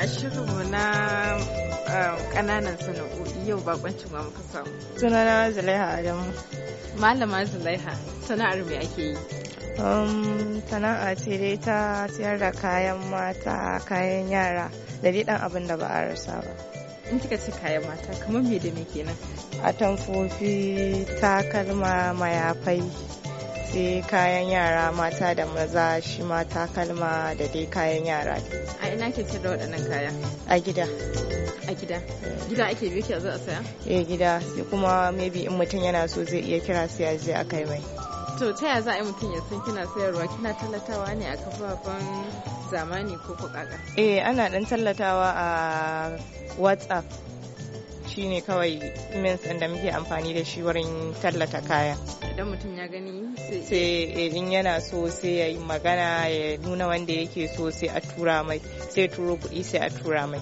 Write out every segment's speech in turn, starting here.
a shirinmu na kananan um, sana'o'i yau bakoncin ma muka samu. Sunana Zulaiha Adamu. Malama Zulaiha, sana'ar me ake yi? Um, sana'a ce dai ta siyar da kayan mata, kayan yara, da dai dan abin da ba a rasa ba. In kika ce kayan mata, kamar me da me kenan? A Atamfofi, takalma, mayafai. sai kayan yara mata da maza shi mata takalma da dai kayan yara a ina ke cin da waɗannan kaya a gida a gida gida ake biyu ke zuwa saya eh gida sai kuma maybe in mutum yana so zai iya kira sai ya je a kai mai to ta ya za a yi mutum ya san kina sayarwa kina tallatawa ne a kafafen zamani ko kuka eh ana dan tallatawa a whatsapp shine kawai means da muke amfani da shi wurin tallata kaya idan mutum ya gani sai in yana so sai ya yi magana ya nuna wanda yake so sai a tura mai sai turo kuɗi sai a tura mai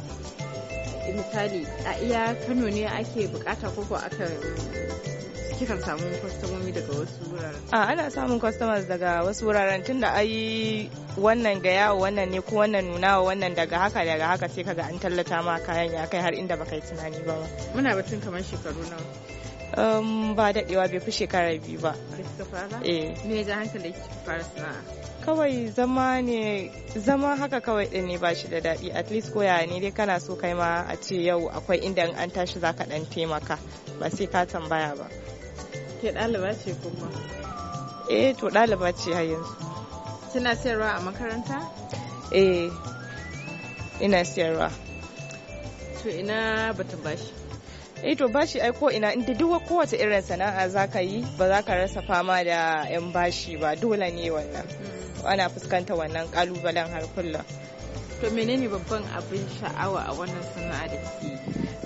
misali a iya kano ne ake bukata koko aka kikan samu kwastomomi daga wasu wuraren? ana samun customers daga wasu wuraren tunda ayi wannan ga yawo wannan ne ko wannan nunawa wannan daga haka daga haka sai kaga an tallata ma kayan ya kai har inda baka yi tunani ba. Muna batun kamar shekaru nawa. Um, ba daɗewa bai fi shekara biyu ba. Da kika fara? Eh. Me ya hankali da fara sana'a? kawai zama ne zama haka kawai din ne ba shi da daɗi at least koya ne dai kana so kai ma a ce yau akwai inda an tashi zaka dan taimaka ba sai ka tambaya ba ke ɗaliba ce kuma eh to ɗaliba ce har yanzu kina sayarwa a makaranta eh ina sayarwa to ina batun bashi eh to bashi ai ko ina inda duk kowace irin sana'a zaka yi ba za ka rasa fama da yan bashi ba dole ne wannan mm. ana fuskanta wannan kalubalen har kullum to menene babban abin sha'awa a wannan sana'a da ke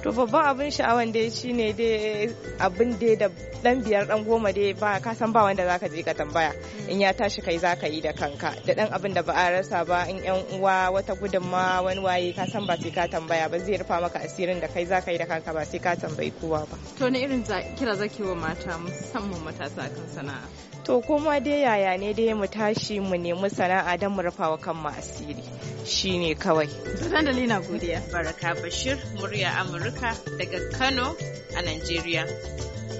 to babban abin sha'awa dai shine dai abin dai da dan biyar dan goma dai ba ka san ba wanda zaka je ka tambaya hmm. in ya tashi kai zaka yi da kanka da dan abin da ba a rasa ba in yan uwa wata gudunma wani waye ka san ba sai ka tambaya ba zai rufa maka asirin da kai zaka yi da kanka ba sai ka tambayi kowa ba to ne irin kira zaki wa mata musamman matasa kan sana'a To kuma dai yaya ne dai mu tashi mu nemi sana'a don mu rufawa kanmu asiri shi ne kawai. Sunan da Lina Godiya. Baraka Bashir, murya Amurka daga Kano a Najeriya.